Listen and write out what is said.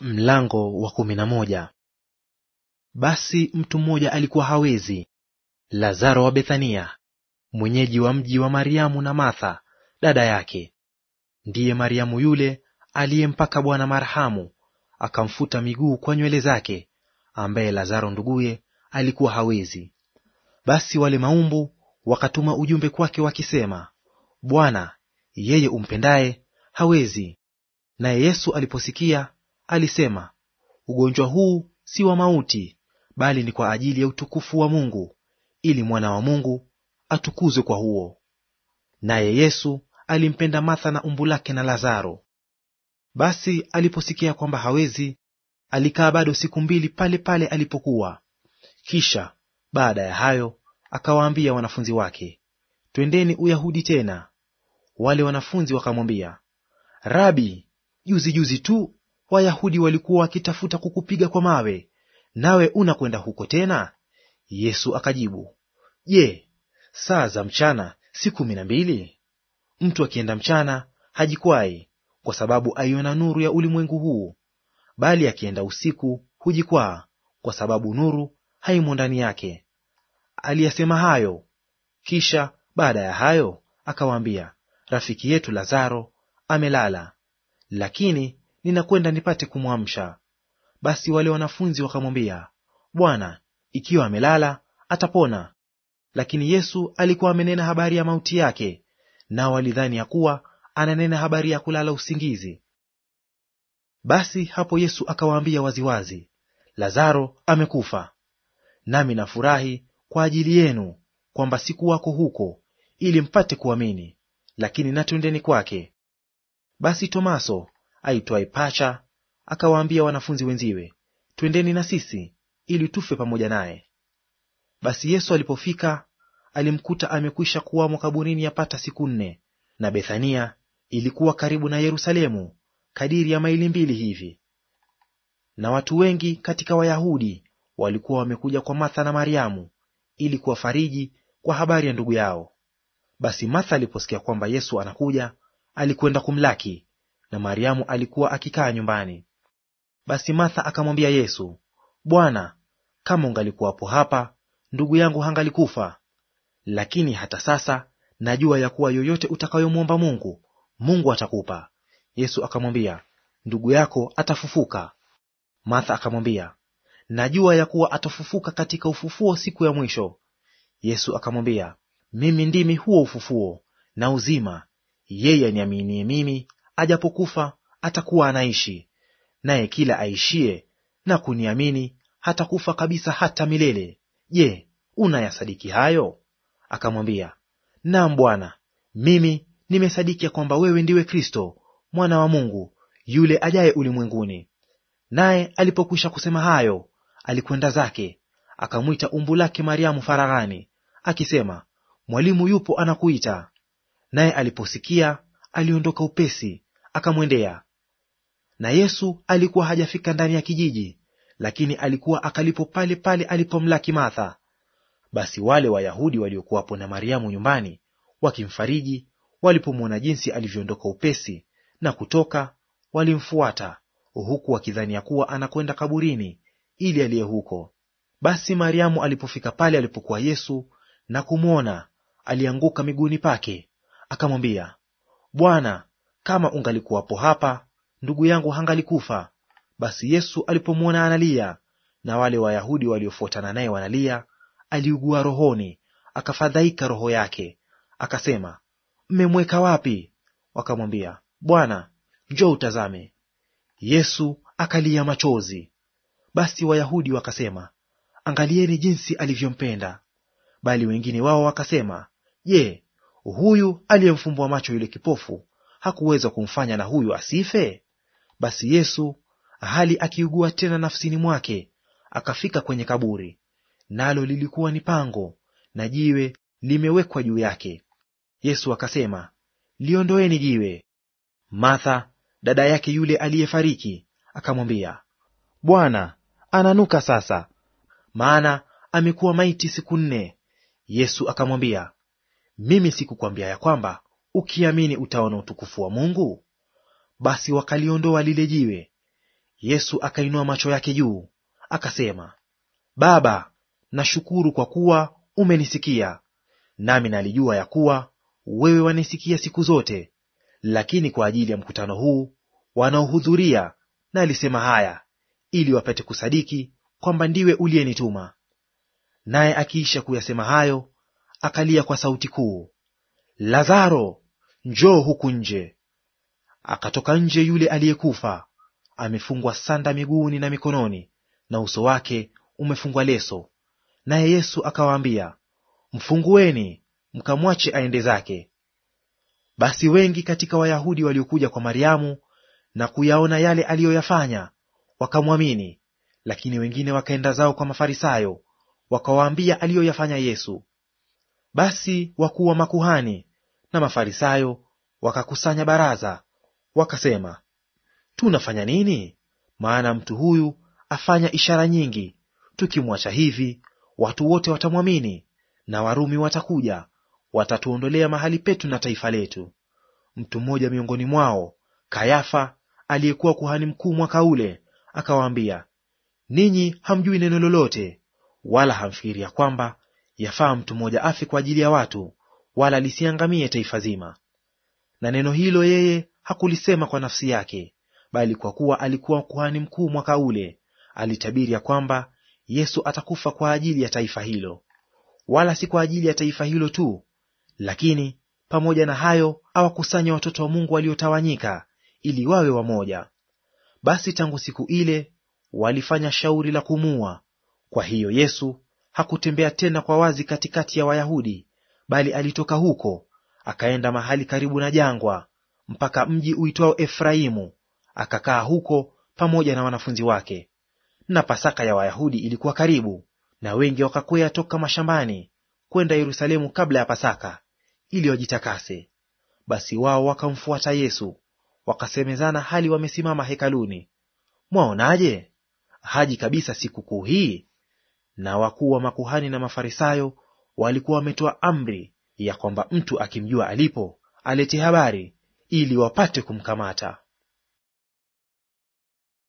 Mlango wa kumi na moja. Basi mtu mmoja alikuwa hawezi, Lazaro wa Bethania, mwenyeji wa mji wa Mariamu na Martha dada yake. Ndiye Mariamu yule aliyempaka Bwana marhamu, akamfuta miguu kwa nywele zake, ambaye Lazaro nduguye alikuwa hawezi. Basi wale maumbu wakatuma ujumbe kwake wakisema, Bwana, yeye umpendaye hawezi. Naye Yesu aliposikia alisema, ugonjwa huu si wa mauti, bali ni kwa ajili ya utukufu wa Mungu, ili mwana wa Mungu atukuzwe kwa huo. Naye Yesu alimpenda Martha na umbu lake na Lazaro. Basi aliposikia kwamba hawezi, alikaa bado siku mbili pale pale alipokuwa. Kisha baada ya hayo akawaambia wanafunzi wake, twendeni Uyahudi tena. Wale wanafunzi wakamwambia, Rabi, juzi juzi tu Wayahudi walikuwa wakitafuta kukupiga kwa mawe, nawe unakwenda huko tena? Yesu akajibu, Je, saa za mchana si kumi na mbili? Mtu akienda mchana hajikwai, kwa sababu aiona nuru ya ulimwengu huu, bali akienda usiku hujikwaa, kwa sababu nuru haimo ndani yake. Aliyasema hayo. Kisha baada ya hayo akawaambia, rafiki yetu Lazaro amelala, lakini ninakwenda nipate kumwamsha. Basi wale wanafunzi wakamwambia, Bwana, ikiwa amelala atapona. Lakini Yesu alikuwa amenena habari ya mauti yake, nao walidhani ya kuwa ananena habari ya kulala usingizi. Basi hapo Yesu akawaambia waziwazi, Lazaro amekufa. Nami nafurahi kwa ajili yenu kwamba sikuwako huko, ili mpate kuamini. Lakini natwendeni kwake. Basi Tomaso aitwaye Pacha, akawaambia wanafunzi wenziwe, twendeni na sisi ili tufe pamoja naye. Basi Yesu alipofika alimkuta amekwisha kuwamo kaburini yapata siku nne, na Bethania ilikuwa karibu na Yerusalemu kadiri ya maili mbili hivi. Na watu wengi katika Wayahudi walikuwa wamekuja kwa Martha na Mariamu ili kuwafariji kwa habari ya ndugu yao. Basi Martha aliposikia kwamba Yesu anakuja, alikwenda kumlaki, na Mariamu alikuwa akikaa nyumbani. Basi Martha akamwambia Yesu, Bwana, kama ungalikuwapo hapa, ndugu yangu hangalikufa. Lakini hata sasa najua ya kuwa yoyote utakayomwomba Mungu, Mungu atakupa. Yesu akamwambia, ndugu yako atafufuka. Martha akamwambia, najua ya kuwa atafufuka katika ufufuo siku ya mwisho. Yesu akamwambia, mimi ndimi huo ufufuo na uzima; yeye aniaminie mimi ajapokufa atakuwa anaishi, naye kila aishie na kuniamini hatakufa kabisa hata milele. Je, unayasadiki hayo? Akamwambia, naam Bwana, mimi nimesadiki ya kwamba wewe ndiwe Kristo mwana wa Mungu yule ajaye ulimwenguni. Naye alipokwisha kusema hayo, alikwenda zake, akamwita umbu lake Mariamu faraghani, akisema, Mwalimu yupo anakuita. Naye aliposikia aliondoka upesi, akamwendea. Na Yesu alikuwa hajafika ndani ya kijiji, lakini alikuwa akalipo pale pale alipomlaki Martha. Basi wale Wayahudi waliokuwapo na Mariamu nyumbani wakimfariji, walipomwona jinsi alivyoondoka upesi na kutoka, walimfuata huku wakidhani ya kuwa anakwenda kaburini ili aliye huko. Basi Mariamu alipofika pale alipokuwa Yesu na kumwona, alianguka miguuni pake, akamwambia, Bwana, kama ungalikuwapo hapa, ndugu yangu hangalikufa. Basi Yesu alipomwona analia na wale Wayahudi waliofuatana naye wanalia, aliugua rohoni, akafadhaika roho yake. Akasema, mmemweka wapi? Wakamwambia, Bwana, njoo utazame. Yesu akalia machozi. Basi Wayahudi wakasema, angalieni jinsi alivyompenda. Bali wengine wao wakasema, je, huyu aliyemfumbua macho yule kipofu hakuweza kumfanya na huyu asife? Basi Yesu hali akiugua tena nafsini mwake, akafika kwenye kaburi, nalo lilikuwa ni pango na jiwe limewekwa juu yake. Yesu akasema, liondoeni jiwe. Martha, dada yake yule aliyefariki, akamwambia, Bwana, ananuka sasa, maana amekuwa maiti siku nne. Yesu akamwambia, mimi sikukwambia ya kwamba ukiamini utaona utukufu wa Mungu? Basi wakaliondoa lile jiwe. Yesu akainua macho yake juu, akasema, Baba, nashukuru kwa kuwa umenisikia. Nami nalijua ya kuwa wewe wanisikia siku zote, lakini kwa ajili ya mkutano huu wanaohudhuria nalisema haya, ili wapate kusadiki kwamba ndiwe uliyenituma. Naye akiisha kuyasema hayo, akalia kwa sauti kuu, Lazaro, njoo huku nje. Akatoka nje yule aliyekufa, amefungwa sanda miguuni na mikononi, na uso wake umefungwa leso. Naye Yesu akawaambia, mfungueni mkamwache aende zake. Basi wengi katika Wayahudi waliokuja kwa Mariamu na kuyaona yale aliyoyafanya wakamwamini, lakini wengine wakaenda zao kwa Mafarisayo wakawaambia aliyoyafanya Yesu. Basi wakuu wa makuhani na Mafarisayo wakakusanya baraza, wakasema, tunafanya nini? Maana mtu huyu afanya ishara nyingi. Tukimwacha hivi, watu wote watamwamini, na Warumi watakuja, watatuondolea mahali petu na taifa letu. Mtu mmoja miongoni mwao, Kayafa, aliyekuwa kuhani mkuu mwaka ule, akawaambia, ninyi hamjui neno lolote, wala hamfikiria kwamba yafaa mtu mmoja afe kwa ajili ya watu wala lisiangamie taifa zima. Na neno hilo yeye hakulisema kwa nafsi yake, bali kwa kuwa alikuwa kuhani mkuu mwaka ule, alitabiri ya kwamba Yesu atakufa kwa ajili ya taifa hilo, wala si kwa ajili ya taifa hilo tu, lakini pamoja na hayo awakusanya watoto wa Mungu waliotawanyika ili wawe wamoja. Basi tangu siku ile walifanya shauri la kumua. Kwa hiyo Yesu hakutembea tena kwa wazi katikati ya Wayahudi, bali alitoka huko akaenda mahali karibu na jangwa mpaka mji uitwao Efraimu, akakaa huko pamoja na wanafunzi wake. Na Pasaka ya Wayahudi ilikuwa karibu, na wengi wakakwea toka mashambani kwenda Yerusalemu kabla ya Pasaka ili wajitakase. Basi wao wakamfuata Yesu, wakasemezana hali wamesimama hekaluni, mwaonaje? Haji kabisa sikukuu hii? Na wakuu wa makuhani na Mafarisayo walikuwa wametoa amri ya kwamba mtu akimjua alipo alete habari, ili wapate kumkamata.